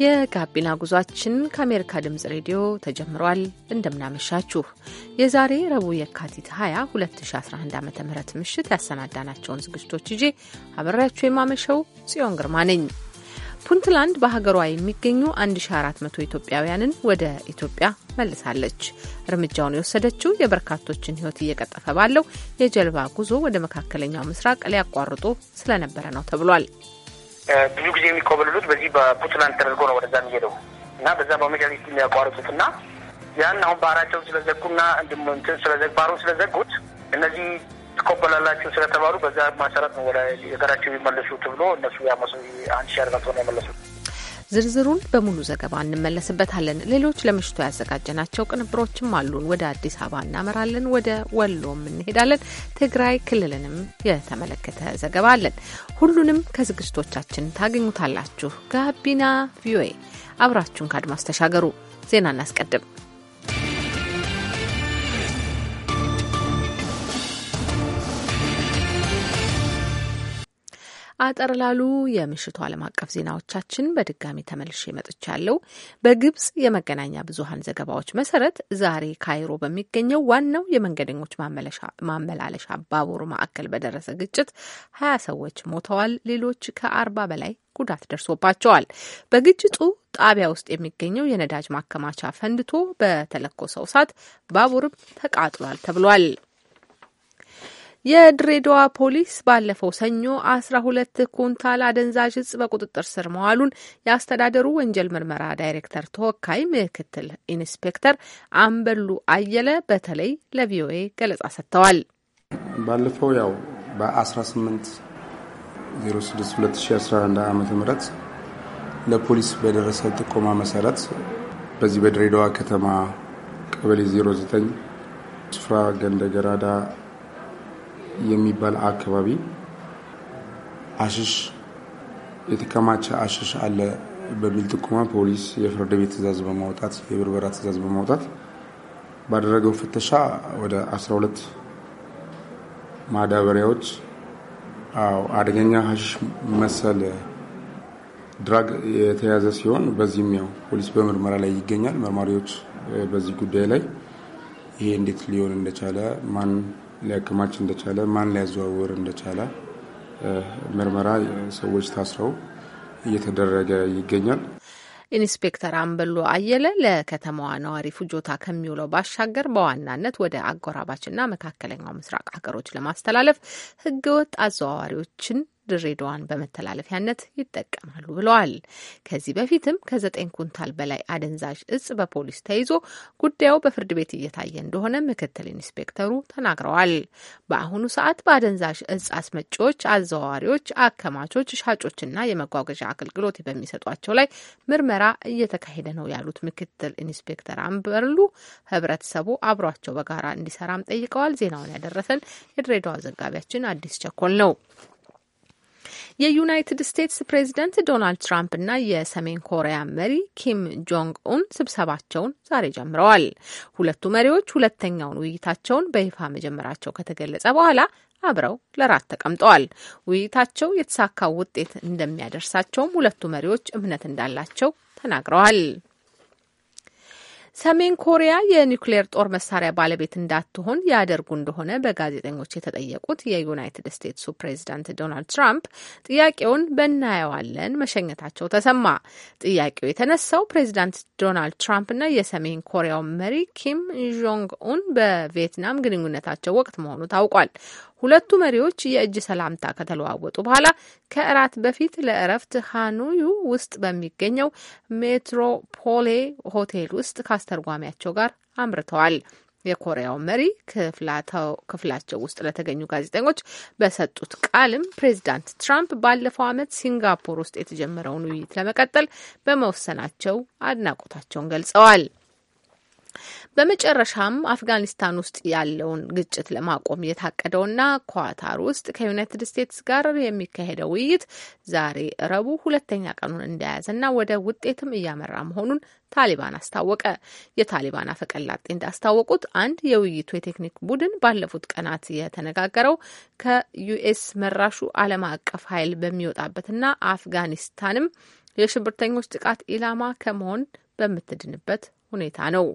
የጋቢና ጉዟችን ከአሜሪካ ድምጽ ሬዲዮ ተጀምሯል። እንደምናመሻችሁ የዛሬ ረቡዕ የካቲት 20 2011 ዓ ም ምሽት ያሰናዳናቸውን ዝግጅቶች ይዤ አበሬያችሁ የማመሸው ጽዮን ግርማ ነኝ። ፑንትላንድ በሀገሯ የሚገኙ 1400 ኢትዮጵያውያንን ወደ ኢትዮጵያ መልሳለች። እርምጃውን የወሰደችው የበርካቶችን ሕይወት እየቀጠፈ ባለው የጀልባ ጉዞ ወደ መካከለኛው ምስራቅ ሊያቋርጡ ስለነበረ ነው ተብሏል። ብዙ ጊዜ የሚኮበልሉት በዚህ በፑትላንድ ተደርጎ ነው ወደዛ የሚሄደው እና በዛ በመጋቢት የሚያቋርጡት እና ያን አሁን ባህራቸውን ስለዘጉ ስለዘጉና እንትን ስለባሩን ስለዘጉት እነዚህ ትኮበላላችሁ ስለተባሉ በዛ መሰረት ነው ወደ ሀገራቸው የሚመለሱ ተብሎ እነሱ ያመሱ አንድ ሺ አርባ ነው የመለሱት። ዝርዝሩን በሙሉ ዘገባ እንመለስበታለን። ሌሎች ለምሽቱ ያዘጋጀናቸው ቅንብሮችም አሉን። ወደ አዲስ አበባ እናመራለን፣ ወደ ወሎም እንሄዳለን። ትግራይ ክልልንም የተመለከተ ዘገባ አለን። ሁሉንም ከዝግጅቶቻችን ታገኙታላችሁ። ጋቢና ቪኦኤ አብራችሁን ከአድማስ ተሻገሩ። ዜና እናስቀድም። አጠር ላሉ የምሽቱ ዓለም አቀፍ ዜናዎቻችን በድጋሚ ተመልሼ መጥቻለሁ። በግብጽ የመገናኛ ብዙሀን ዘገባዎች መሰረት ዛሬ ካይሮ በሚገኘው ዋናው የመንገደኞች ማመላለሻ ባቡር ማዕከል በደረሰ ግጭት ሀያ ሰዎች ሞተዋል፣ ሌሎች ከአርባ በላይ ጉዳት ደርሶባቸዋል። በግጭቱ ጣቢያ ውስጥ የሚገኘው የነዳጅ ማከማቻ ፈንድቶ በተለኮሰው እሳት ባቡርም ተቃጥሏል ተብሏል። የድሬዳዋ ፖሊስ ባለፈው ሰኞ አስራ ሁለት ኩንታል አደንዛዥ እጽ በቁጥጥር ስር መዋሉን የአስተዳደሩ ወንጀል ምርመራ ዳይሬክተር ተወካይ ምክትል ኢንስፔክተር አምበሉ አየለ በተለይ ለቪኦኤ ገለጻ ሰጥተዋል። ባለፈው ያው በ18 06 2011 ዓ ም ለፖሊስ በደረሰ ጥቆማ መሰረት በዚህ በድሬዳዋ ከተማ ቀበሌ 09 ስፍራ ገንደገራዳ የሚባል አካባቢ አሽሽ የተከማቸ አሽሽ አለ በሚል ጥቁማ ፖሊስ የፍርድ ቤት ትእዛዝ በማውጣት የብርበራ ትእዛዝ በማውጣት ባደረገው ፍተሻ ወደ 12 ማዳበሪያዎች አደገኛ ሀሽሽ መሰል ድራግ የተያዘ ሲሆን በዚህም ያው ፖሊስ በምርመራ ላይ ይገኛል። መርማሪዎች በዚህ ጉዳይ ላይ ይሄ እንዴት ሊሆን እንደቻለ ማን ሊያከማች እንደቻለ፣ ማን ሊያዘዋውር እንደቻለ ምርመራ ሰዎች ታስረው እየተደረገ ይገኛል። ኢንስፔክተር አምበሉ አየለ ለከተማዋ ነዋሪ ፍጆታ ከሚውለው ባሻገር በዋናነት ወደ አጎራባችና መካከለኛው ምስራቅ ሀገሮች ለማስተላለፍ ህገወጥ አዘዋዋሪዎችን ድሬዳዋን በመተላለፊያነት ይጠቀማሉ ብለዋል። ከዚህ በፊትም ከዘጠኝ ኩንታል በላይ አደንዛዥ እጽ በፖሊስ ተይዞ ጉዳዩ በፍርድ ቤት እየታየ እንደሆነ ምክትል ኢንስፔክተሩ ተናግረዋል። በአሁኑ ሰዓት በአደንዛዥ እጽ አስመጪዎች፣ አዘዋዋሪዎች፣ አከማቾች፣ ሻጮችና የመጓጓዣ አገልግሎት በሚሰጧቸው ላይ ምርመራ እየተካሄደ ነው ያሉት ምክትል ኢንስፔክተር አንበርሉ ህብረተሰቡ አብሯቸው በጋራ እንዲሰራም ጠይቀዋል። ዜናውን ያደረሰን የድሬዳዋ ዘጋቢያችን አዲስ ቸኮል ነው። የዩናይትድ ስቴትስ ፕሬዚደንት ዶናልድ ትራምፕ እና የሰሜን ኮሪያ መሪ ኪም ጆንግ ኡን ስብሰባቸውን ዛሬ ጀምረዋል። ሁለቱ መሪዎች ሁለተኛውን ውይይታቸውን በይፋ መጀመራቸው ከተገለጸ በኋላ አብረው ለራት ተቀምጠዋል። ውይይታቸው የተሳካው ውጤት እንደሚያደርሳቸውም ሁለቱ መሪዎች እምነት እንዳላቸው ተናግረዋል። ሰሜን ኮሪያ የኒውክሌር ጦር መሳሪያ ባለቤት እንዳትሆን ያደርጉ እንደሆነ በጋዜጠኞች የተጠየቁት የዩናይትድ ስቴትሱ ፕሬዚዳንት ዶናልድ ትራምፕ ጥያቄውን በናየዋለን መሸኘታቸው ተሰማ። ጥያቄው የተነሳው ፕሬዚዳንት ዶናልድ ትራምፕ እና የሰሜን ኮሪያው መሪ ኪም ጆንግ ኡን በቪየትናም ግንኙነታቸው ወቅት መሆኑ ታውቋል። ሁለቱ መሪዎች የእጅ ሰላምታ ከተለዋወጡ በኋላ ከእራት በፊት ለእረፍት ሃኑዩ ውስጥ በሚገኘው ሜትሮፖሌ ሆቴል ውስጥ ካስተርጓሚያቸው ጋር አምርተዋል። የኮሪያው መሪ ክፍላቸው ውስጥ ለተገኙ ጋዜጠኞች በሰጡት ቃልም ፕሬዚዳንት ትራምፕ ባለፈው ዓመት ሲንጋፖር ውስጥ የተጀመረውን ውይይት ለመቀጠል በመወሰናቸው አድናቆታቸውን ገልጸዋል። በመጨረሻም አፍጋኒስታን ውስጥ ያለውን ግጭት ለማቆም የታቀደውና ኳታር ውስጥ ከዩናይትድ ስቴትስ ጋር የሚካሄደው ውይይት ዛሬ ረቡዕ ሁለተኛ ቀኑን እንደያዘና ወደ ውጤትም እያመራ መሆኑን ታሊባን አስታወቀ። የታሊባን አፈቀላጤ እንዳስታወቁት አንድ የውይይቱ የቴክኒክ ቡድን ባለፉት ቀናት የተነጋገረው ከዩኤስ መራሹ ዓለም አቀፍ ኃይል በሚወጣበትና አፍጋኒስታንም የሽብርተኞች ጥቃት ኢላማ ከመሆን በምትድንበት ሁኔታ ነው።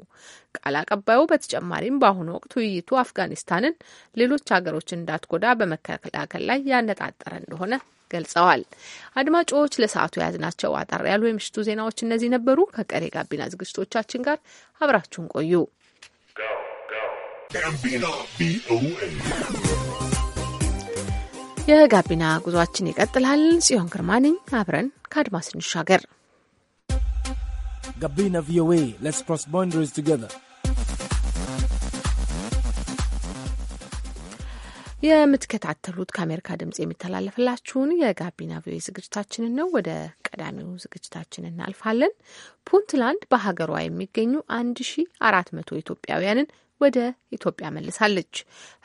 ቃል አቀባዩ በተጨማሪም በአሁኑ ወቅት ውይይቱ አፍጋኒስታንን ሌሎች ሀገሮች እንዳትጎዳ በመከላከል ላይ ያነጣጠረ እንደሆነ ገልጸዋል። አድማጮች ለሰዓቱ የያዝናቸው አጠር ያሉ የምሽቱ ዜናዎች እነዚህ ነበሩ። ከቀሬ ጋቢና ዝግጅቶቻችን ጋር አብራችሁን ቆዩ። የጋቢና ጉዟችን ይቀጥላል። ጽዮን ግርማ ነኝ። አብረን ከአድማስ እንሻገር። Gabina VOA. Let's cross boundaries together. የምትከታተሉት ከአሜሪካ ድምጽ የሚተላለፍላችሁን የጋቢና ቪኦኤ ዝግጅታችንን ነው። ወደ ቀዳሚው ዝግጅታችን እናልፋለን። ፑንትላንድ በሀገሯ የሚገኙ ሺ መቶ ኢትዮጵያውያንን ወደ ኢትዮጵያ መልሳለች።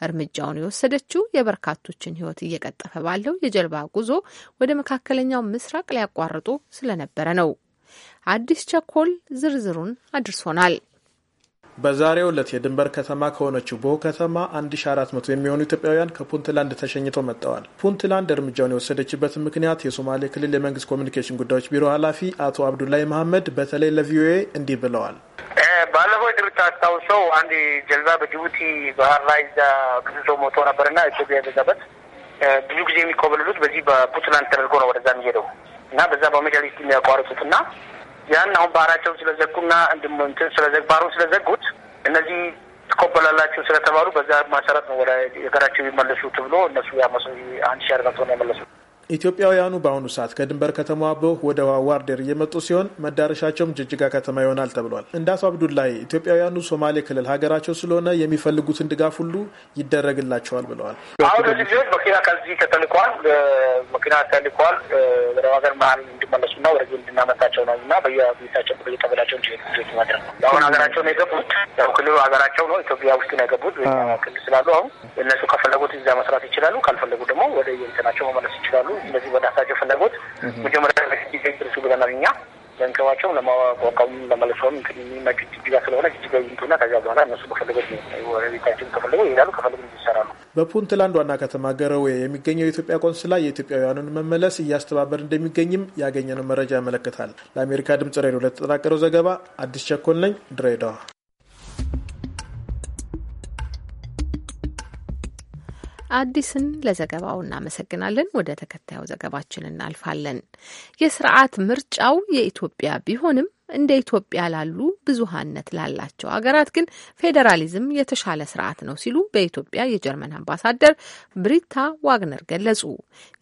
እርምጃውን የወሰደችው የበርካቶችን ሕይወት እየቀጠፈ ባለው የጀልባ ጉዞ ወደ መካከለኛው ምስራቅ ሊያቋርጡ ስለነበረ ነው። አዲስ ቸኮል ዝርዝሩን አድርሶናል። በዛሬው ዕለት የድንበር ከተማ ከሆነችው ቦ ከተማ 1400 የሚሆኑ ኢትዮጵያውያን ከፑንትላንድ ተሸኝተው መጥተዋል። ፑንትላንድ እርምጃውን የወሰደችበትን ምክንያት የሶማሌ ክልል የመንግስት ኮሚኒኬሽን ጉዳዮች ቢሮ ኃላፊ አቶ አብዱላይ መሐመድ በተለይ ለቪኦኤ እንዲህ ብለዋል። ባለፈው እንደምታስታውሰው አንድ ጀልባ በጅቡቲ ባህር ላይ እዛ ብዙ ሰው ሞቶ ነበርና ኢትዮጵያ የበዛበት ብዙ ጊዜ የሚኮበልሉት በዚህ በፑንትላንድ ተደርጎ ነው ወደዛ የሚሄደው እና በዛ በሜዳል ሊስት የሚያቋርጡት እና ያን አሁን ባህራቸውን ስለዘጉና እንትን ስለዘግ ባህሩን ስለዘጉት እነዚህ ትቆበላላቸው ስለተባሉ በዛ መሰረት ነው ወደ ሀገራቸው የሚመለሱ ተብሎ እነሱ ያመሱ አንድ ሺ አርጋቶ ነው የመለሱት። ኢትዮጵያውያኑ በአሁኑ ሰዓት ከድንበር ከተማ አበው ወደ ዋዋርዴር እየመጡ ሲሆን መዳረሻቸውም ጅጅጋ ከተማ ይሆናል ተብሏል። እንደ አቶ አብዱላይ ኢትዮጵያውያኑ ሶማሌ ክልል ሀገራቸው ስለሆነ የሚፈልጉትን ድጋፍ ሁሉ ይደረግላቸዋል ብለዋል። አሁን ጊዜ መኪና ከዚህ ከተልኳል፣ መኪና ተልኳል። ወደ ሀገር መሀል እንዲመለሱና ወደ እንድናመጣቸው ነው እና በየቤታቸው በየቀበላቸው እንዲሄዱ ማድረግ ነው። አሁን ሀገራቸው ነው የገቡት። ያው ክልሉ ሀገራቸው ነው፣ ኢትዮጵያ ውስጥ ነው የገቡት ክልል ስላሉ አሁን እነሱ ከፈለጉት እዚያ መስራት ይችላሉ፣ ካልፈለጉ ደግሞ ወደ የቤተናቸው መመለስ ይችላሉ። እንደዚህ በራሳቸው ፍላጎት መጀመሪያ ጊዜ ድርሱ ብለናል እኛ ለእንከባቸው ለማቋቋሙ ለመለሰውም የሚመች ጅጅጋ ስለሆነ ጅጅጋ ይምጡና ከዚያ በኋላ እነሱ በፈለጉት ቤታቸው ከፈለጉ ይሄዳሉ፣ ከፈለጉ ይሰራሉ። በፑንትላንድ ዋና ከተማ ገረዌ የሚገኘው የኢትዮጵያ ቆንስላ የኢትዮጵያውያኑን መመለስ እያስተባበር እንደሚገኝም ያገኘነው መረጃ ያመለክታል። ለአሜሪካ ድምጽ ሬዲዮ ለተጠናቀረው ዘገባ አዲስ ቸኮል ነኝ ድሬዳዋ። አዲስን ለዘገባው እናመሰግናለን። ወደ ተከታዩ ዘገባችን እናልፋለን። የስርዓት ምርጫው የኢትዮጵያ ቢሆንም እንደ ኢትዮጵያ ላሉ ብዙሀነት ላላቸው ሀገራት ግን ፌዴራሊዝም የተሻለ ስርዓት ነው ሲሉ በኢትዮጵያ የጀርመን አምባሳደር ብሪታ ዋግነር ገለጹ።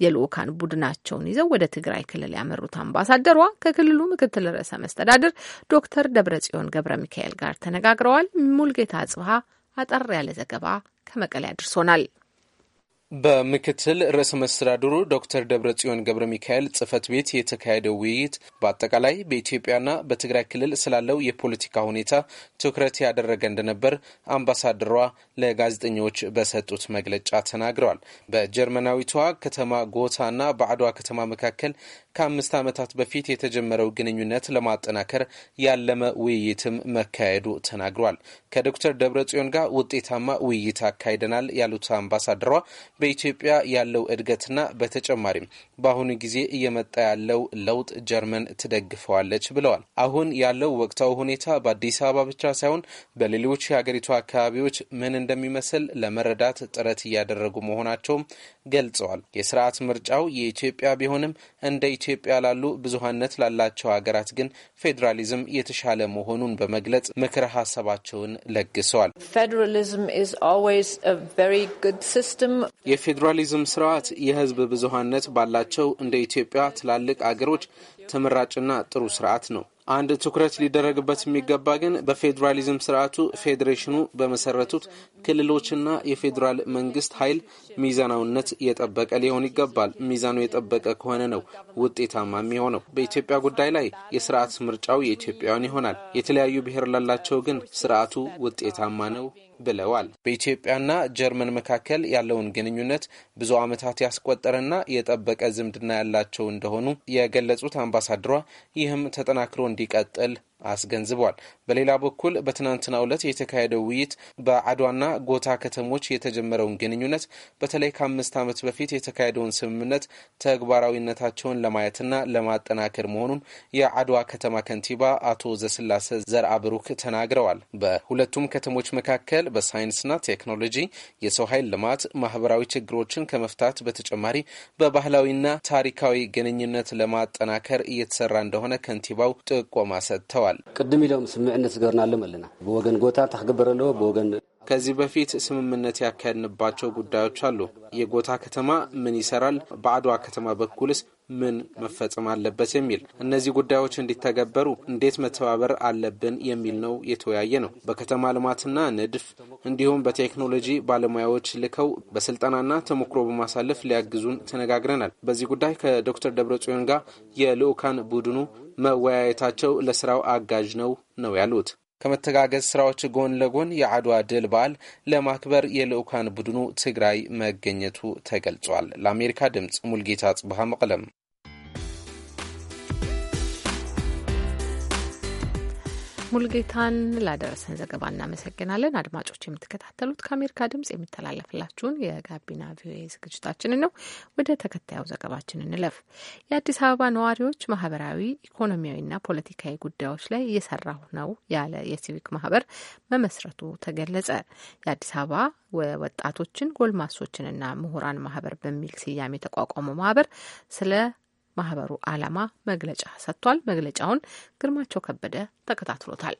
የልዑካን ቡድናቸውን ይዘው ወደ ትግራይ ክልል ያመሩት አምባሳደሯ ከክልሉ ምክትል ርዕሰ መስተዳድር ዶክተር ደብረጽዮን ገብረ ሚካኤል ጋር ተነጋግረዋል። ሙልጌታ ጽብሀ አጠር ያለ ዘገባ ከመቀሌ አድርሶናል። በምክትል ርዕሰ መስተዳድሩ ዶክተር ደብረ ጽዮን ገብረ ሚካኤል ጽህፈት ቤት የተካሄደው ውይይት በአጠቃላይ በኢትዮጵያና በትግራይ ክልል ስላለው የፖለቲካ ሁኔታ ትኩረት ያደረገ እንደነበር አምባሳደሯ ለጋዜጠኞች በሰጡት መግለጫ ተናግረዋል። በጀርመናዊቷ ከተማ ጎታና በአድዋ ከተማ መካከል ከአምስት ዓመታት በፊት የተጀመረው ግንኙነት ለማጠናከር ያለመ ውይይትም መካሄዱ ተናግሯል። ከዶክተር ደብረጽዮን ጋር ውጤታማ ውይይት አካሂደናል ያሉት አምባሳደሯ በኢትዮጵያ ያለው እድገትና በተጨማሪም በአሁኑ ጊዜ እየመጣ ያለው ለውጥ ጀርመን ትደግፈዋለች ብለዋል። አሁን ያለው ወቅታዊ ሁኔታ በአዲስ አበባ ብቻ ሳይሆን በሌሎች የሀገሪቱ አካባቢዎች ምን እንደሚመስል ለመረዳት ጥረት እያደረጉ መሆናቸውም ገልጸዋል። የስርዓት ምርጫው የኢትዮጵያ ቢሆንም እንደ ኢትዮጵያ ላሉ ብዙሀነት ላላቸው ሀገራት ግን ፌዴራሊዝም የተሻለ መሆኑን በመግለጽ ምክረ ሀሳባቸውን ለግሰዋል። የፌዴራሊዝም ስርዓት የህዝብ ብዙሀነት ባላቸው ያላቸው እንደ ኢትዮጵያ ትላልቅ አገሮች ተመራጭና ጥሩ ስርዓት ነው። አንድ ትኩረት ሊደረግበት የሚገባ ግን በፌዴራሊዝም ስርዓቱ ፌዴሬሽኑ በመሰረቱት ክልሎችና የፌዴራል መንግስት ኃይል ሚዛናዊነት የጠበቀ ሊሆን ይገባል። ሚዛኑ የጠበቀ ከሆነ ነው ውጤታማ የሚሆነው። በኢትዮጵያ ጉዳይ ላይ የስርዓት ምርጫው የኢትዮጵያውያን ይሆናል። የተለያዩ ብሔር ላላቸው ግን ስርዓቱ ውጤታማ ነው ብለዋል። በኢትዮጵያና ጀርመን መካከል ያለውን ግንኙነት ብዙ ዓመታት ያስቆጠረና የጠበቀ ዝምድና ያላቸው እንደሆኑ የገለጹት አምባሳደሯ ይህም ተጠናክሮ እንዲቀጥል አስገንዝቧል። በሌላ በኩል በትናንትናው ዕለት የተካሄደው ውይይት በአድዋና ጎታ ከተሞች የተጀመረውን ግንኙነት በተለይ ከአምስት ዓመት በፊት የተካሄደውን ስምምነት ተግባራዊነታቸውን ለማየትና ለማጠናከር መሆኑን የአድዋ ከተማ ከንቲባ አቶ ዘስላሴ አብሩክ ተናግረዋል። በሁለቱም ከተሞች መካከል በሳይንስና ቴክኖሎጂ፣ የሰው ኃይል ልማት፣ ማህበራዊ ችግሮችን ከመፍታት በተጨማሪ በባህላዊና ታሪካዊ ግንኙነት ለማጠናከር እየተሰራ እንደሆነ ከንቲባው ጥቆማ ሰጥተዋል። ተናግረዋል። ቅድም ኢሎም ስምዕነት ዝገበርናሎም ኣለና ብወገን ጎታ እንታይ ኣለዎ ብወገን ከዚህ በፊት ስምምነት ያካሄድንባቸው ጉዳዮች አሉ። የጎታ ከተማ ምን ይሰራል፣ በአድዋ ከተማ በኩልስ ምን መፈጸም አለበት የሚል እነዚህ ጉዳዮች እንዲተገበሩ እንዴት መተባበር አለብን የሚል ነው የተወያየ ነው። በከተማ ልማትና ንድፍ እንዲሁም በቴክኖሎጂ ባለሙያዎች ልከው በስልጠናና ተሞክሮ በማሳለፍ ሊያግዙን ተነጋግረናል። በዚህ ጉዳይ ከዶክተር ደብረጽዮን ጋር የልኡካን ቡድኑ መወያየታቸው ለስራው አጋዥ ነው ነው ያሉት። ከመተጋገዝ ስራዎች ጎን ለጎን የአድዋ ድል በዓል ለማክበር የልዑካን ቡድኑ ትግራይ መገኘቱ ተገልጿል። ለአሜሪካ ድምፅ ሙልጌታ ጽብሃ መቅለም ሙልጌታን ላደረሰን ዘገባ እናመሰግናለን። አድማጮች የምትከታተሉት ከአሜሪካ ድምጽ የሚተላለፍላችሁን የጋቢና ቪኦኤ ዝግጅታችንን ነው። ወደ ተከታዩ ዘገባችን እንለፍ። የአዲስ አበባ ነዋሪዎች ማህበራዊ፣ ኢኮኖሚያዊና ፖለቲካዊ ጉዳዮች ላይ እየሰራሁ ነው ያለ የሲቪክ ማህበር መመስረቱ ተገለጸ። የአዲስ አበባ ወጣቶችን ጎልማሶችንና ምሁራን ማህበር በሚል ስያሜ የተቋቋመው ማህበር ስለ ማህበሩ ዓላማ መግለጫ ሰጥቷል። መግለጫውን ግርማቸው ከበደ ተከታትሎታል።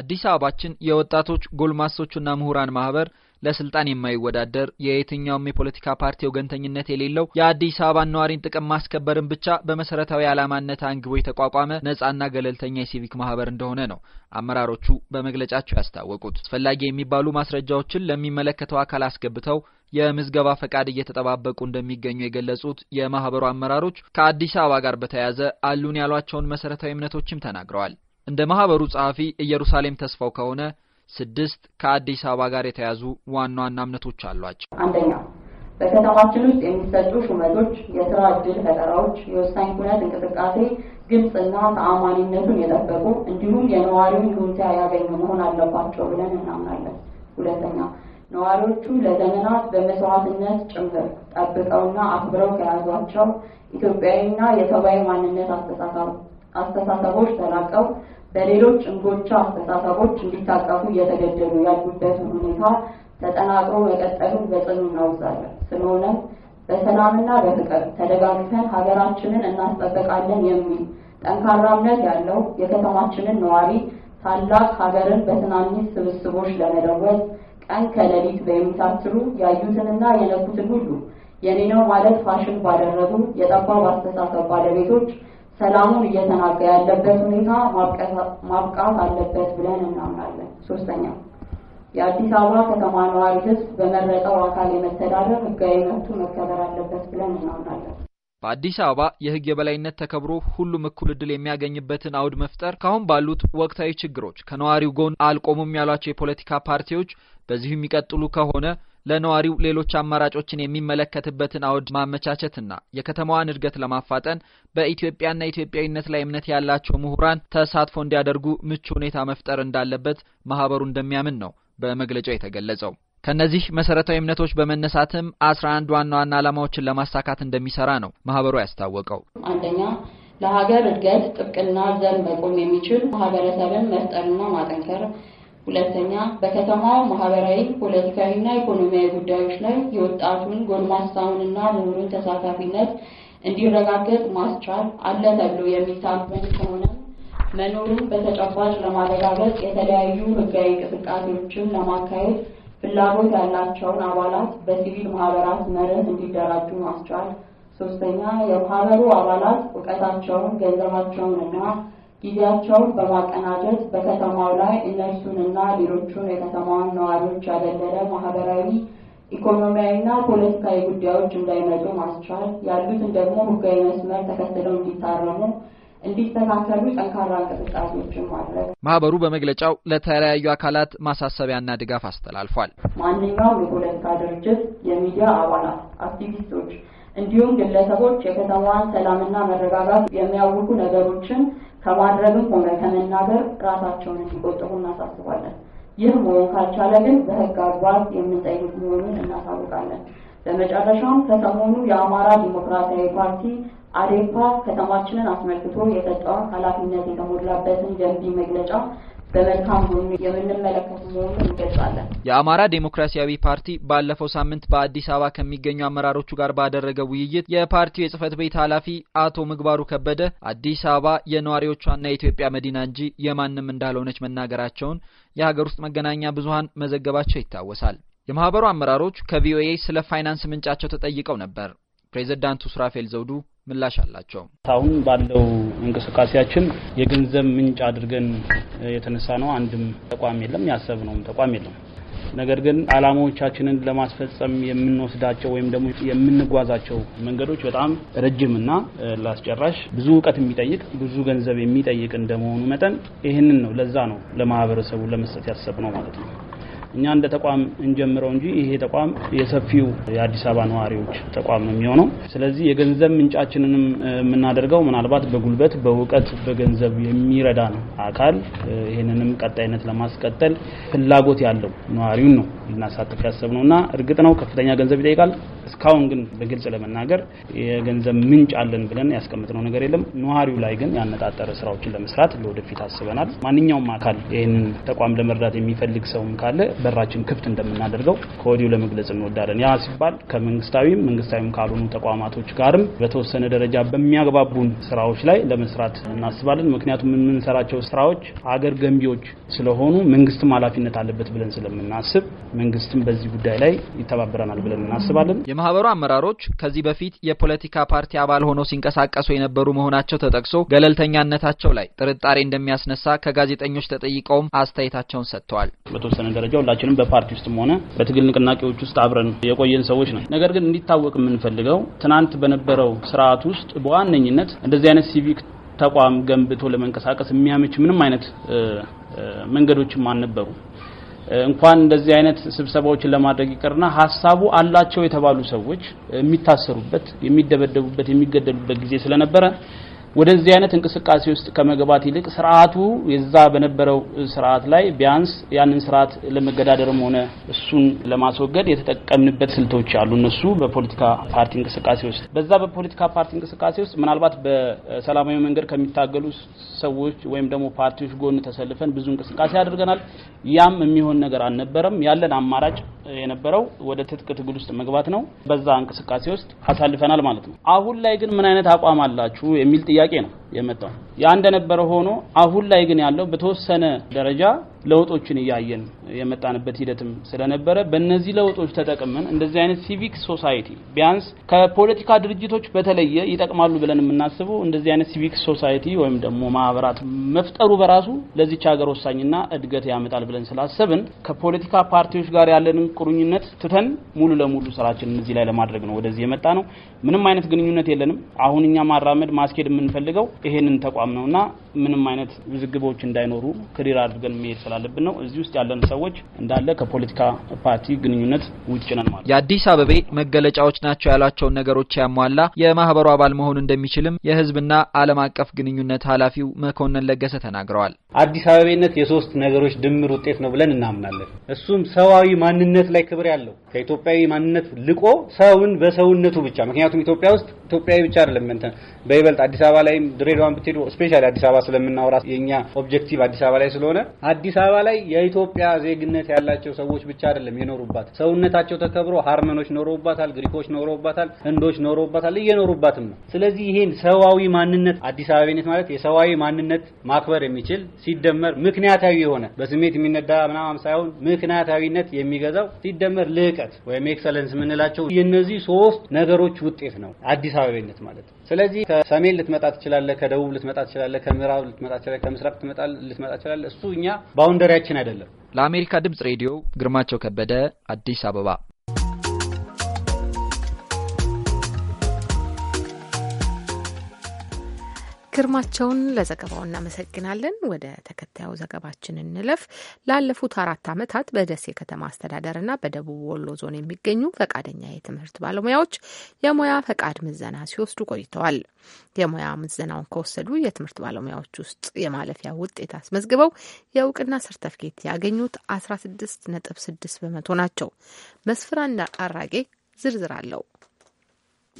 አዲስ አበባችን የወጣቶች ጎልማሶችና ምሁራን ማህበር ለስልጣን የማይወዳደር የየትኛውም የፖለቲካ ፓርቲ ወገንተኝነት የሌለው የአዲስ አበባ ነዋሪን ጥቅም ማስከበርን ብቻ በመሰረታዊ ዓላማነት አንግቦ የተቋቋመ ነጻና ገለልተኛ የሲቪክ ማህበር እንደሆነ ነው አመራሮቹ በመግለጫቸው ያስታወቁት። አስፈላጊ የሚባሉ ማስረጃዎችን ለሚመለከተው አካል አስገብተው የምዝገባ ፈቃድ እየተጠባበቁ እንደሚገኙ የገለጹት የማህበሩ አመራሮች ከአዲስ አበባ ጋር በተያያዘ አሉን ያሏቸውን መሰረታዊ እምነቶችም ተናግረዋል። እንደ ማህበሩ ጸሐፊ ኢየሩሳሌም ተስፋው ከሆነ ስድስት ከአዲስ አበባ ጋር የተያዙ ዋና ዋና እምነቶች አሏቸው። አንደኛው በከተማችን ውስጥ የሚሰጡ ሹመቶች፣ የስራ እድል ፈጠራዎች፣ የወሳኝ ኩነት እንቅስቃሴ ግልጽና ተአማኒነቱን የጠበቁ እንዲሁም የነዋሪውን ይሁንታ ያገኙ መሆን አለባቸው ብለን እናምናለን። ሁለተኛ ነዋሪዎቹ ለዘመናት በመስዋዕትነት ጭምር ጠብቀውና አክብረው ከያዟቸው ኢትዮጵያዊና የሰብአዊ ማንነት አስተሳሰቦች ተላቀው በሌሎች እንጎቻ አስተሳሰቦች እንዲታቀፉ እየተገደዱ ያሉበትን ሁኔታ ተጠናቅሮ መቀጠሉን በጽኑ እናውዛለን። ስለሆነም በሰላምና በፍቅር ተደጋግፈን ሀገራችንን እናስጠበቃለን የሚል ጠንካራ እምነት ያለው የከተማችንን ነዋሪ ታላቅ ሀገርን በትናንሽ ስብስቦች ለመለወጥ ቀን ከሌሊት በሚታትሩ ያዩትንና የነኩትን ሁሉ የኔ ነው ማለት ፋሽን ባደረጉ የጠባብ አስተሳሰብ ባለቤቶች ሰላሙን እየተናገ ያለበት ሁኔታ ማብቃት አለበት ብለን እናምናለን። ሶስተኛ የአዲስ አበባ ከተማ ነዋሪ ህዝብ በመረጠው አካል የመተዳደር ህጋዊ መብቱ መከበር አለበት ብለን እናምናለን። በአዲስ አበባ የህግ የበላይነት ተከብሮ ሁሉም እኩል እድል የሚያገኝበትን አውድ መፍጠር ካሁን ባሉት ወቅታዊ ችግሮች ከነዋሪው ጎን አልቆሙም ያሏቸው የፖለቲካ ፓርቲዎች በዚሁ የሚቀጥሉ ከሆነ ለነዋሪው ሌሎች አማራጮችን የሚመለከትበትን አውድ ማመቻቸትና የከተማዋን እድገት ለማፋጠን በኢትዮጵያና ኢትዮጵያዊነት ላይ እምነት ያላቸው ምሁራን ተሳትፎ እንዲያደርጉ ምቹ ሁኔታ መፍጠር እንዳለበት ማህበሩ እንደሚያምን ነው በመግለጫው የተገለጸው። ከነዚህ መሰረታዊ እምነቶች በመነሳትም አስራ አንድ ዋና ዋና ዓላማዎችን ለማሳካት እንደሚሰራ ነው ማህበሩ ያስታወቀው። አንደኛ ለሀገር እድገት ጥብቅና ዘብ መቆም የሚችል ማህበረሰብን መፍጠርና ማጠንከር ሁለተኛ በከተማው ማህበራዊ፣ ፖለቲካዊና ኢኮኖሚያዊ ጉዳዮች ላይ የወጣቱን ጎልማሳውንና ምሁሩን ተሳታፊነት እንዲረጋገጥ ማስቻል አለ ተብሎ የሚታመን ከሆነ መኖሩን በተጨባጭ ለማረጋገጥ የተለያዩ ህጋዊ እንቅስቃሴዎችን ለማካሄድ ፍላጎት ያላቸውን አባላት በሲቪል ማህበራት መርህ እንዲደራጁ ማስቻል። ሶስተኛ የማህበሩ አባላት እውቀታቸውን፣ ገንዘባቸውን እና ጊዜያቸውን በማቀናጀት በከተማው ላይ እነሱንና ሌሎቹን የከተማዋን ነዋሪዎች ያደለለ ማህበራዊ ኢኮኖሚያዊና ፖለቲካዊ ጉዳዮች እንዳይመጡ ማስቻል፣ ያሉትን ደግሞ ህጋዊ መስመር ተከትለው እንዲታረሙ እንዲስተካከሉ ጠንካራ እንቅስቃሴዎችን ማድረግ። ማህበሩ በመግለጫው ለተለያዩ አካላት ማሳሰቢያና ድጋፍ አስተላልፏል። ማንኛውም የፖለቲካ ድርጅት፣ የሚዲያ አባላት፣ አክቲቪስቶች እንዲሁም ግለሰቦች የከተማዋን ሰላምና መረጋጋት የሚያውቁ ነገሮችን ከማድረግም ሆነ ከመናገር ራሳቸውን እንዲቆጥቡ እናሳስባለን። ይህ መሆን ካልቻለ ግን በህግ አግባብ የምንጠይቅ መሆኑን እናሳውቃለን። በመጨረሻም ከሰሞኑ የአማራ ዲሞክራሲያዊ ፓርቲ አዴፓ ከተማችንን አስመልክቶ የሰጠውን ኃላፊነት የተሞላበትን ገንቢ መግለጫ በመልካም ጎኑ የምንመለከት መሆኑን እንገልጻለን። የአማራ ዴሞክራሲያዊ ፓርቲ ባለፈው ሳምንት በአዲስ አበባ ከሚገኙ አመራሮቹ ጋር ባደረገው ውይይት የፓርቲው የጽህፈት ቤት ኃላፊ አቶ ምግባሩ ከበደ አዲስ አበባ የነዋሪዎቿና የኢትዮጵያ መዲና እንጂ የማንም እንዳልሆነች መናገራቸውን የሀገር ውስጥ መገናኛ ብዙሀን መዘገባቸው ይታወሳል። የማህበሩ አመራሮች ከቪኦኤ ስለ ፋይናንስ ምንጫቸው ተጠይቀው ነበር። ፕሬዝዳንቱ ሱራፌል ዘውዱ ምላሽ አላቸው። አሁን ባለው እንቅስቃሴያችን የገንዘብ ምንጭ አድርገን የተነሳ ነው። አንድም ተቋም የለም፣ ያሰብነውም ተቋም የለም። ነገር ግን አላማዎቻችንን ለማስፈጸም የምንወስዳቸው ወይም ደግሞ የምንጓዛቸው መንገዶች በጣም ረጅምና ላስጨራሽ ብዙ እውቀት የሚጠይቅ ብዙ ገንዘብ የሚጠይቅ እንደመሆኑ መጠን ይህንን ነው ለዛ ነው ለማህበረሰቡ ለመስጠት ያሰብነው ማለት ነው። እኛ እንደ ተቋም እንጀምረው እንጂ ይሄ ተቋም የሰፊው የአዲስ አበባ ነዋሪዎች ተቋም ነው የሚሆነው። ስለዚህ የገንዘብ ምንጫችንንም የምናደርገው ምናልባት በጉልበት፣ በእውቀት፣ በገንዘብ የሚረዳን አካል ይህንንም ቀጣይነት ለማስቀጠል ፍላጎት ያለው ነዋሪውን ነው ያሰብ ነው እና እርግጥ ነው ከፍተኛ ገንዘብ ይጠይቃል። እስካሁን ግን በግልጽ ለመናገር የገንዘብ ምንጭ አለን ብለን ያስቀምጥነው ነገር የለም። ነዋሪው ላይ ግን ያነጣጠረ ስራዎችን ለመስራት ለወደፊት አስበናል። ማንኛውም አካል ይህንን ተቋም ለመርዳት የሚፈልግ ሰውም ካለ በራችን ክፍት እንደምናደርገው ከወዲሁ ለመግለጽ እንወዳለን። ያ ሲባል ከመንግስታዊም መንግስታዊም ካልሆኑ ተቋማቶች ጋርም በተወሰነ ደረጃ በሚያግባቡን ስራዎች ላይ ለመስራት እናስባለን። ምክንያቱም የምንሰራቸው ስራዎች አገር ገንቢዎች ስለሆኑ መንግስትም ኃላፊነት አለበት ብለን ስለምናስብ መንግስትም በዚህ ጉዳይ ላይ ይተባበረናል ብለን እናስባለን። የማህበሩ አመራሮች ከዚህ በፊት የፖለቲካ ፓርቲ አባል ሆነው ሲንቀሳቀሱ የነበሩ መሆናቸው ተጠቅሶ ገለልተኛነታቸው ላይ ጥርጣሬ እንደሚያስነሳ ከጋዜጠኞች ተጠይቀውም አስተያየታቸውን ሰጥተዋል። በተወሰነ ደረጃ ሁላችንም በፓርቲ ውስጥም ሆነ በትግል ንቅናቄዎች ውስጥ አብረን የቆየን ሰዎች ነን። ነገር ግን እንዲታወቅ የምንፈልገው ትናንት በነበረው ስርዓት ውስጥ በዋነኝነት እንደዚህ አይነት ሲቪክ ተቋም ገንብቶ ለመንቀሳቀስ የሚያመች ምንም አይነት መንገዶችም አልነበሩ። እንኳን እንደዚህ አይነት ስብሰባዎችን ለማድረግ ይቅርና ሀሳቡ አላቸው የተባሉ ሰዎች የሚታሰሩበት፣ የሚደበደቡበት፣ የሚገደሉበት ጊዜ ስለነበረ ወደዚህ አይነት እንቅስቃሴ ውስጥ ከመግባት ይልቅ ስርዓቱ የዛ በነበረው ስርዓት ላይ ቢያንስ ያንን ስርዓት ለመገዳደርም ሆነ እሱን ለማስወገድ የተጠቀምንበት ስልቶች አሉ። እነሱ በፖለቲካ ፓርቲ እንቅስቃሴ ውስጥ በዛ በፖለቲካ ፓርቲ እንቅስቃሴ ውስጥ ምናልባት በሰላማዊ መንገድ ከሚታገሉ ሰዎች ወይም ደግሞ ፓርቲዎች ጎን ተሰልፈን ብዙ እንቅስቃሴ አድርገናል። ያም የሚሆን ነገር አልነበረም። ያለን አማራጭ የነበረው ወደ ትጥቅ ትግል ውስጥ መግባት ነው። በዛ እንቅስቃሴ ውስጥ አሳልፈናል ማለት ነው። አሁን ላይ ግን ምን አይነት አቋም አላችሁ የሚል ጥያቄ aquí የመጣው ያ እንደነበረ ሆኖ አሁን ላይ ግን ያለው በተወሰነ ደረጃ ለውጦችን እያየን የመጣንበት ሂደትም ስለነበረ በእነዚህ ለውጦች ተጠቅመን እንደዚህ አይነት ሲቪክ ሶሳይቲ ቢያንስ ከፖለቲካ ድርጅቶች በተለየ ይጠቅማሉ ብለን የምናስበው እንደዚህ አይነት ሲቪክ ሶሳይቲ ወይም ደግሞ ማህበራት መፍጠሩ በራሱ ለዚች ሀገር ወሳኝና እድገት ያመጣል ብለን ስላሰብን ከፖለቲካ ፓርቲዎች ጋር ያለንን ቁርኝነት ትተን ሙሉ ለሙሉ ስራችን እዚህ ላይ ለማድረግ ነው ወደዚህ የመጣ ነው። ምንም አይነት ግንኙነት የለንም። አሁን እኛ ማራመድ ማስኬድ የምንፈልገው ይሄንን ተቋም ነውና ምንም አይነት ውዝግቦች እንዳይኖሩ ክሪር አድርገን መሄድ ስላለብን ነው። እዚህ ውስጥ ያለን ሰዎች እንዳለ ከፖለቲካ ፓርቲ ግንኙነት ውጭ ነን ማለት። የአዲስ አበቤ መገለጫዎች ናቸው ያሏቸውን ነገሮች ያሟላ የማህበሩ አባል መሆን እንደሚችልም የህዝብና ዓለም አቀፍ ግንኙነት ኃላፊው መኮንን ለገሰ ተናግረዋል። አዲስ አበቤነት የሶስት ነገሮች ድምር ውጤት ነው ብለን እናምናለን። እሱም ሰዋዊ ማንነት ላይ ክብር ያለው ከኢትዮጵያዊ ማንነት ልቆ ሰውን በሰውነቱ ብቻ ምክንያቱም ኢትዮጵያ ውስጥ ኢትዮጵያዊ ብቻ አይደለም እንትን በይበልጥ አዲስ አበባ ላይም ድሬዳዋን ብትሄዱ ስፔሻሊ አዲስ አበባ ስለምናወራ የኛ ኦብጀክቲቭ አዲስ አበባ ላይ ስለሆነ አዲስ አበባ ላይ የኢትዮጵያ ዜግነት ያላቸው ሰዎች ብቻ አይደለም የኖሩባት። ሰውነታቸው ተከብሮ ሀርመኖች ኖረውባታል፣ ግሪኮች ኖረውባታል፣ ህንዶች ኖረውባታል፣ እየኖሩባትም ነው። ስለዚህ ይሄን ሰዋዊ ማንነት አዲስ አበባዊነት ማለት የሰዋዊ ማንነት ማክበር የሚችል ሲደመር ምክንያታዊ የሆነ በስሜት የሚነዳ ምናምን ሳይሆን ምክንያታዊነት የሚገዛው ሲደመር ልዕቀት ወይም ኤክሰለንስ የምንላቸው የነዚህ ሶስት ነገሮች ውጤት ነው አዲስ አዲስ አበቤነት ማለት ነው። ስለዚህ ከሰሜን ልትመጣ ትችላለህ፣ ከደቡብ ልትመጣ ትችላለህ፣ ከምዕራብ ልትመጣ ትችላለህ፣ ከምስራቅ ልትመጣ ትችላለህ። እሱ እኛ ባውንደሪያችን አይደለም። ለአሜሪካ ድምጽ ሬዲዮ ግርማቸው ከበደ አዲስ አበባ ግርማቸውን ለዘገባው እናመሰግናለን። ወደ ተከታዩ ዘገባችን እንለፍ። ላለፉት አራት ዓመታት በደሴ ከተማ አስተዳደርና በደቡብ ወሎ ዞን የሚገኙ ፈቃደኛ የትምህርት ባለሙያዎች የሙያ ፈቃድ ምዘና ሲወስዱ ቆይተዋል። የሙያ ምዘናውን ከወሰዱ የትምህርት ባለሙያዎች ውስጥ የማለፊያ ውጤት አስመዝግበው የእውቅና ሰርተፍኬት ያገኙት አስራ ስድስት ነጥብ ስድስት በመቶ ናቸው። መስፍን አራጌ ዝርዝር አለው።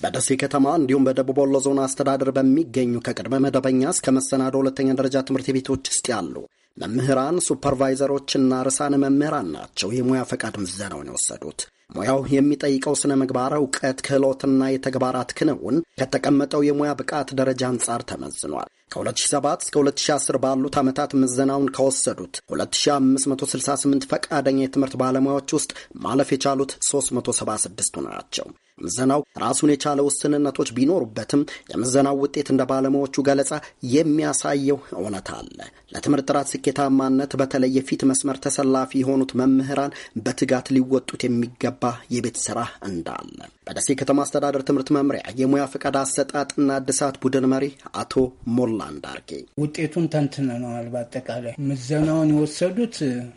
በደሴ ከተማ እንዲሁም በደቡብ ወሎ ዞን አስተዳደር በሚገኙ ከቅድመ መደበኛ እስከ መሰናዶ ሁለተኛ ደረጃ ትምህርት ቤቶች ውስጥ ያሉ መምህራን፣ ሱፐርቫይዘሮችና ርዕሳነ መምህራን ናቸው የሙያ ፈቃድ ምዘናውን የወሰዱት። ሙያው የሚጠይቀው ስነ ምግባር፣ እውቀት፣ ክህሎትና የተግባራት ክንውን ከተቀመጠው የሙያ ብቃት ደረጃ አንጻር ተመዝኗል። ከ2007 እስከ 2010 ባሉት ዓመታት ምዘናውን ከወሰዱት 2568 ፈቃደኛ የትምህርት ባለሙያዎች ውስጥ ማለፍ የቻሉት 376ቱ ናቸው። ምዘናው ራሱን የቻለ ውስንነቶች ቢኖሩበትም የምዘናው ውጤት እንደ ባለሙያዎቹ ገለጻ የሚያሳየው እውነት አለ። ለትምህርት ጥራት ስኬታማነት በተለይ የፊት መስመር ተሰላፊ የሆኑት መምህራን በትጋት ሊወጡት የሚገባ የቤት ስራ እንዳለ በደሴ ከተማ አስተዳደር ትምህርት መምሪያ የሙያ ፈቃድ አሰጣጥና እድሳት ቡድን መሪ አቶ ሞላ እንዳርጌ ውጤቱን ተንትነነዋል። በአጠቃላይ ምዘናውን የወሰዱት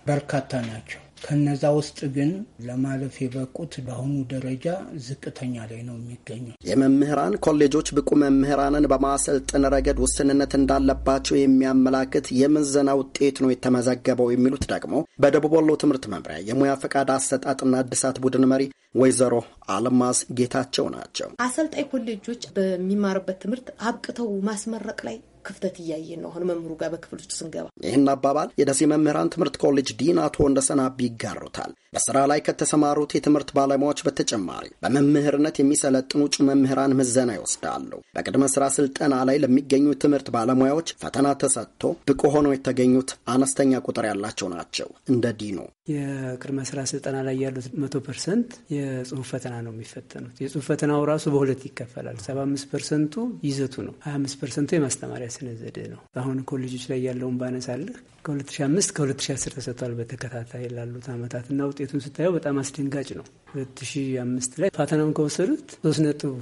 በርካታ ናቸው። ከነዛ ውስጥ ግን ለማለፍ የበቁት በአሁኑ ደረጃ ዝቅተኛ ላይ ነው የሚገኘው። የመምህራን ኮሌጆች ብቁ መምህራንን በማሰልጠን ረገድ ውስንነት እንዳለባቸው የሚያመላክት የምዘና ውጤት ነው የተመዘገበው የሚሉት ደግሞ በደቡብ ወሎ ትምህርት መምሪያ የሙያ ፈቃድ አሰጣጥና እድሳት ቡድን መሪ ወይዘሮ አልማዝ ጌታቸው ናቸው። አሰልጣኝ ኮሌጆች በሚማርበት ትምህርት አብቅተው ማስመረቅ ላይ ክፍተት እያየን ነው። አሁን መምህሩ ጋር በክፍል ውስጥ ስንገባ ይህን አባባል የደሴ መምህራን ትምህርት ኮሌጅ ዲን አቶ ወንደሰን አቢ ይጋሩታል። በስራ ላይ ከተሰማሩት የትምህርት ባለሙያዎች በተጨማሪ በመምህርነት የሚሰለጥኑ እጩ መምህራን ምዘና ይወስዳሉ። በቅድመ ስራ ስልጠና ላይ ለሚገኙ ትምህርት ባለሙያዎች ፈተና ተሰጥቶ ብቁ ሆነው የተገኙት አነስተኛ ቁጥር ያላቸው ናቸው። እንደ ዲኖ የቅድመ ስራ ስልጠና ላይ ያሉት መቶ ፐርሰንት የጽሁፍ ፈተና ነው የሚፈተኑት። የጽሁፍ ፈተናው ራሱ በሁለት ይከፈላል። ሰባ አምስት ፐርሰንቱ ይዘቱ ነው፣ ሀያ አምስት ፐርሰንቱ የማስተማሪያ ስነ ዘዴ ነው። አሁን ኮሌጆች ላይ ያለውን ባነሳልህ ከ2005 ከ2010 ተሰጥቷል በተከታታይ ላሉት አመታት እና ውጤቱን ስታየው በጣም አስደንጋጭ ነው። 2005 ላይ ፈተናውን ከወሰዱት ሶስት ነጥብ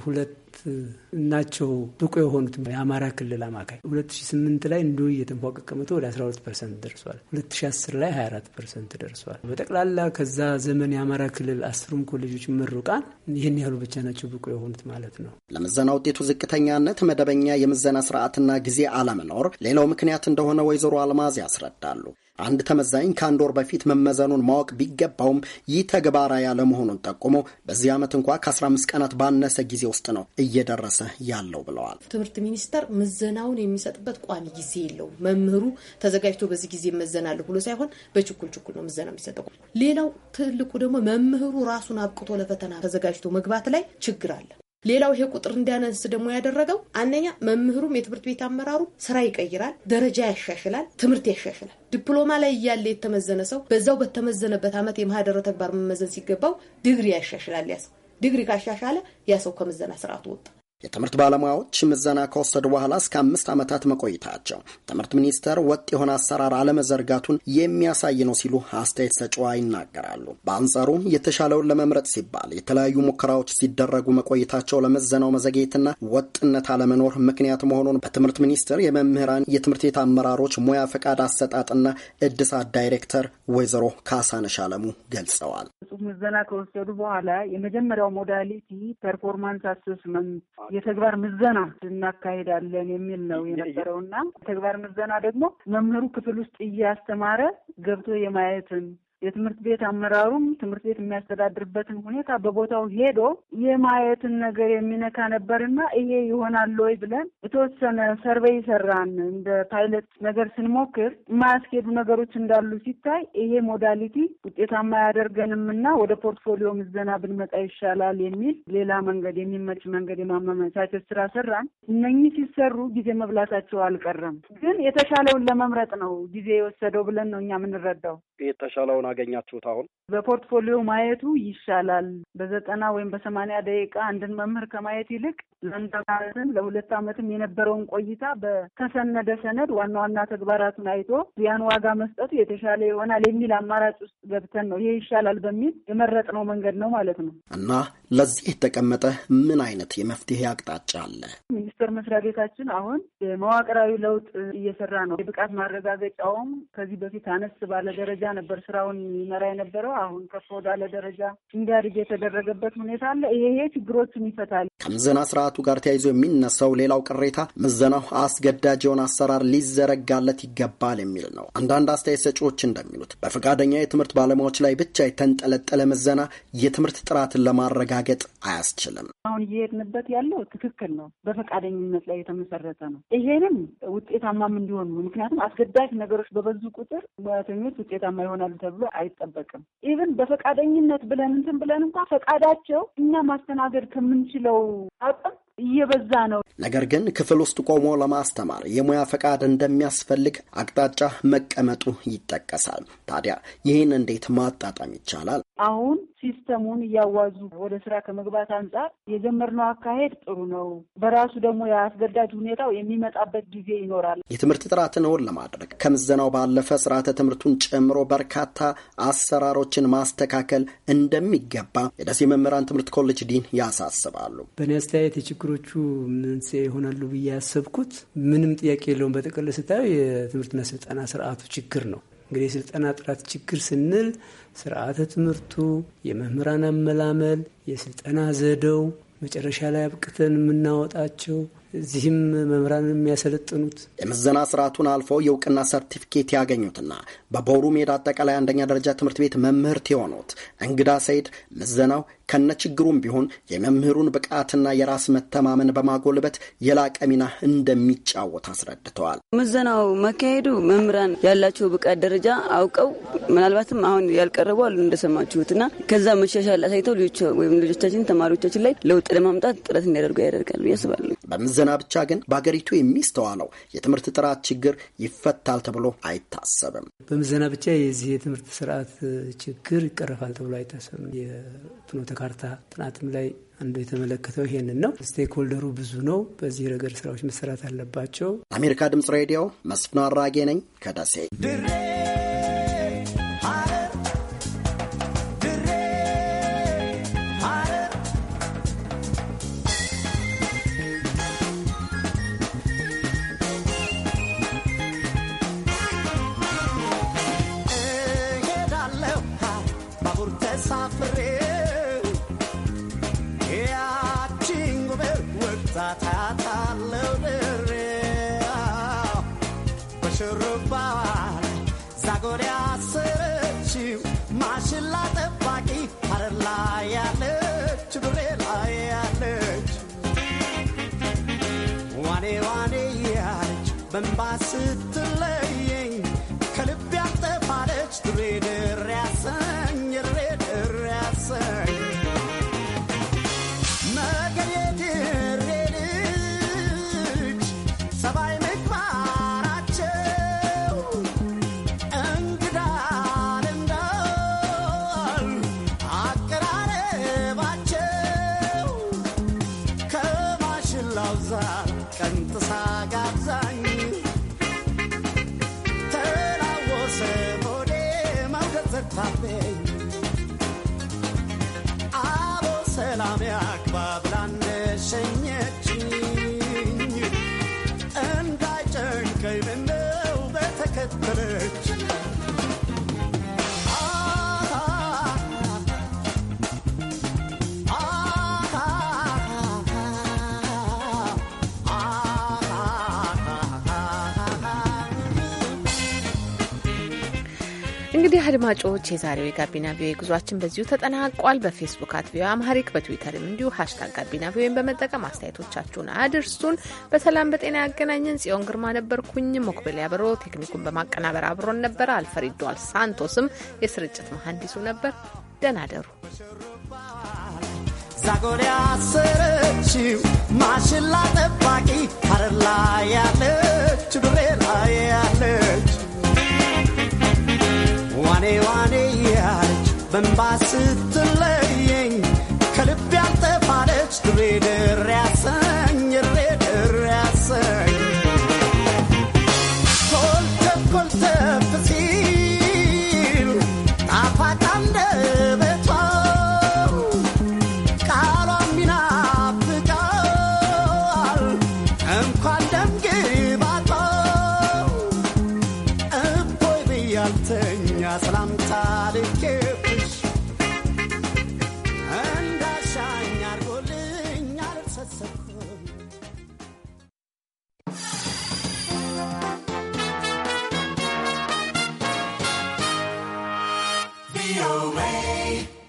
ናቸው ብቁ የሆኑት የአማራ ክልል አማካይ። 2008 ላይ እንዲሁ እየተንፏቀቀ መቶ ወደ 12 ፐርሰንት ደርሷል። 2010 ላይ 24 ፐርሰንት ደርሷል። በጠቅላላ ከዛ ዘመን የአማራ ክልል አስሩም ኮሌጆች ምሩቃን ይህን ያህሉ ብቻ ናቸው ብቁ የሆኑት ማለት ነው። ለምዘና ውጤቱ ዝቅተኛነት መደበኛ የምዘና ስርዓትና ጊዜ አለመኖር ሌላው ምክንያት እንደሆነ ወይዘሮ አልማዝ ያስረዳሉ። አንድ ተመዛኝ ከአንድ ወር በፊት መመዘኑን ማወቅ ቢገባውም ይህ ተግባራዊ ያለመሆኑን ጠቁሞ በዚህ ዓመት እንኳ ከ15 ቀናት ባነሰ ጊዜ ውስጥ ነው እየደረሰ ያለው ብለዋል። ትምህርት ሚኒስቴር ምዘናውን የሚሰጥበት ቋሚ ጊዜ የለውም። መምህሩ ተዘጋጅቶ በዚህ ጊዜ መዘናለሁ ብሎ ሳይሆን በችኩል ችኩል ነው ምዘና የሚሰጠው። ሌላው ትልቁ ደግሞ መምህሩ ራሱን አብቅቶ ለፈተና ተዘጋጅቶ መግባት ላይ ችግር አለ። ሌላው ይሄ ቁጥር እንዲያነስ ደግሞ ያደረገው አንደኛ መምህሩም የትምህርት ቤት አመራሩ ስራ ይቀይራል፣ ደረጃ ያሻሽላል፣ ትምህርት ያሻሽላል። ዲፕሎማ ላይ እያለ የተመዘነ ሰው በዛው በተመዘነበት ዓመት የማህደረ ተግባር መመዘን ሲገባው ዲግሪ ያሻሽላል። ያ ሰው ዲግሪ ካሻሻለ ያ ሰው ከመዘና ስርዓቱ ወጣ። የትምህርት ባለሙያዎች ምዘና ከወሰዱ በኋላ እስከ አምስት ዓመታት መቆይታቸው ትምህርት ሚኒስቴር ወጥ የሆነ አሰራር አለመዘርጋቱን የሚያሳይ ነው ሲሉ አስተያየት ሰጭዋ ይናገራሉ። በአንጻሩ የተሻለውን ለመምረጥ ሲባል የተለያዩ ሙከራዎች ሲደረጉ መቆይታቸው ለምዘናው መዘግየትና ወጥነት አለመኖር ምክንያት መሆኑን በትምህርት ሚኒስቴር የመምህራን የትምህርት ቤት አመራሮች ሙያ ፈቃድ አሰጣጥና እድሳት ዳይሬክተር ወይዘሮ ካሳነሽ አለሙ ገልጸዋል። ምዘና ከወሰዱ በኋላ የመጀመሪያው ሞዳሊቲ ፐርፎርማንስ አሴስመንት የተግባር ምዘና እናካሄዳለን የሚል ነው የነበረው እና የተግባር ምዘና ደግሞ መምህሩ ክፍል ውስጥ እያስተማረ ገብቶ የማየትን የትምህርት ቤት አመራሩም ትምህርት ቤት የሚያስተዳድርበትን ሁኔታ በቦታው ሄዶ የማየትን ነገር የሚነካ ነበርና ይሄ ይሆናል ወይ ብለን የተወሰነ ሰርቬይ ሰራን። እንደ ፓይለት ነገር ስንሞክር የማያስኬዱ ነገሮች እንዳሉ ሲታይ ይሄ ሞዳሊቲ ውጤታማ አያደርገንም እና ወደ ፖርትፎሊዮ ምዘና ብንመጣ ይሻላል የሚል ሌላ መንገድ የሚመች መንገድ የማመመቻቸት ስራ ሰራን። እነኚህ ሲሰሩ ጊዜ መብላታቸው አልቀረም፣ ግን የተሻለውን ለመምረጥ ነው ጊዜ የወሰደው ብለን ነው እኛ የምንረዳው የተሻለውን ያገኛችሁት አሁን? በፖርትፎሊዮ ማየቱ ይሻላል። በዘጠና ወይም በሰማንያ ደቂቃ አንድን መምህር ከማየት ይልቅ ለአንድ አመትም ለሁለት ዓመትም የነበረውን ቆይታ በተሰነደ ሰነድ ዋና ዋና ተግባራቱን አይቶ ያን ዋጋ መስጠቱ የተሻለ ይሆናል የሚል አማራጭ ውስጥ ገብተን ነው ይሄ ይሻላል በሚል የመረጥነው መንገድ ነው ማለት ነው። እና ለዚህ የተቀመጠ ምን አይነት የመፍትሄ አቅጣጫ አለ? ሚኒስቴር መስሪያ ቤታችን አሁን መዋቅራዊ ለውጥ እየሰራ ነው። የብቃት ማረጋገጫውም ከዚህ በፊት አነስ ባለ ደረጃ ነበር ስራውን ፕሮግራም ይመራ የነበረው አሁን ከፍ ወዳለ ደረጃ እንዲያድግ የተደረገበት ሁኔታ አለ። ይሄ ይሄ ችግሮችን ይፈታል። ከምዘና ስርዓቱ ጋር ተያይዞ የሚነሳው ሌላው ቅሬታ ምዘናው አስገዳጅ የሆነ አሰራር ሊዘረጋለት ይገባል የሚል ነው። አንዳንድ አስተያየት ሰጪዎች እንደሚሉት በፈቃደኛ የትምህርት ባለሙያዎች ላይ ብቻ የተንጠለጠለ ምዘና የትምህርት ጥራትን ለማረጋገጥ አያስችልም። አሁን እየሄድንበት ያለው ትክክል ነው፣ በፈቃደኝነት ላይ የተመሰረተ ነው። ይሄንም ውጤታማም እንዲሆኑ ምክንያቱም አስገዳጅ ነገሮች በበዙ ቁጥር ሙያተኞች ውጤታማ ይሆናሉ ተብሎ አይጠበቅም። ኢቭን በፈቃደኝነት ብለን እንትን ብለን እንኳ ፈቃዳቸው እኛ ማስተናገድ ከምንችለው አቅም እየበዛ ነው። ነገር ግን ክፍል ውስጥ ቆሞ ለማስተማር የሙያ ፈቃድ እንደሚያስፈልግ አቅጣጫ መቀመጡ ይጠቀሳል። ታዲያ ይህን እንዴት ማጣጣም ይቻላል? አሁን ሲስተሙን እያዋዙ ወደ ስራ ከመግባት አንጻር የጀመርነው አካሄድ ጥሩ ነው። በራሱ ደግሞ የአስገዳጅ ሁኔታው የሚመጣበት ጊዜ ይኖራል። የትምህርት ጥራትን እውን ለማድረግ ከምዘናው ባለፈ ስርዓተ ትምህርቱን ጨምሮ በርካታ አሰራሮችን ማስተካከል እንደሚገባ የደሴ መምህራን ትምህርት ኮሌጅ ዲን ያሳስባሉ። በእኔ አስተያየት ችግሮቹ መንስኤ ይሆናሉ ብዬ ያሰብኩት ምንም ጥያቄ የለውም። በጠቅል ስታዩ የትምህርትና ስልጠና ስርዓቱ ችግር ነው። እንግዲህ የስልጠና ጥራት ችግር ስንል ስርዓተ ትምህርቱ፣ የመምህራን አመላመል፣ የስልጠና ዘዴው መጨረሻ ላይ አብቅተን የምናወጣቸው እዚህም መምህራን የሚያሰለጥኑት የምዘና ስርዓቱን አልፈው የእውቅና ሰርቲፊኬት ያገኙትና በቦሩ ሜዳ አጠቃላይ አንደኛ ደረጃ ትምህርት ቤት መምህርት የሆኑት እንግዳ ሰይድ ምዘናው ከነችግሩም ቢሆን የመምህሩን ብቃትና የራስ መተማመን በማጎልበት የላቀ ሚና እንደሚጫወት አስረድተዋል። ምዘናው መካሄዱ መምህራን ያላቸው ብቃት ደረጃ አውቀው ምናልባትም አሁን ያልቀረቡ አሉ እንደሰማችሁትና ከዛ መሻሻል አሳይተው ወይም ልጆቻችን ተማሪዎቻችን ላይ ለውጥ ለማምጣት ጥረት እንዲያደርጉ ያደርጋሉ ያስባሉ። በምዘና ብቻ ግን በሀገሪቱ የሚስተዋለው የትምህርት ጥራት ችግር ይፈታል ተብሎ አይታሰብም። በምዘና ብቻ የዚህ የትምህርት ስርዓት ችግር ይቀረፋል ተብሎ አይታሰብም። የፍኖተ ካርታ ጥናትም ላይ አንዱ የተመለከተው ይሄንን ነው። ስቴክሆልደሩ ብዙ ነው። በዚህ ረገድ ስራዎች መሰራት አለባቸው። አሜሪካ ድምጽ ሬዲዮ መስፍን አራጌ ነኝ ከደሴ። ሳፍሬ ሳታታለው ድሬ በሽሩባዋ ዛጎሪ አስረችው ማሽላ ጠባቂ አረር ላይ ያለች ዱሬ ላይ ያለች ዋኔ ዋኔ ያለች በንባ ስትለየኝ ከልብ ያጠፋለች ዱሬ ድሬ topic. እንግዲህ አድማጮች የዛሬው የጋቢና ቪኦኤ ጉዟችን በዚሁ ተጠናቋል። በፌስቡክ አት ቪኦኤ አማሪክ በትዊተርም እንዲሁ ሀሽታግ ጋቢና ቪኦኤን በመጠቀም አስተያየቶቻችሁን አድርሱን። በሰላም በጤና ያገናኘን። ጽዮን ግርማ ነበርኩኝ። ሞክቤል ያበሮ ቴክኒኩን በማቀናበር አብሮን ነበር። አልፈሪዶ ሳንቶስም የስርጭት መሀንዲሱ ነበር። ደህና ደሩ። ዛጎል ማሽላ ጠባቂ አረላ ያለ በንባ ስትለየኝ ከልብ ያልጠፋለች ድሬ ድሬ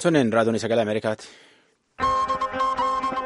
Sunneen raadiyoon sagalee Ameerikaati.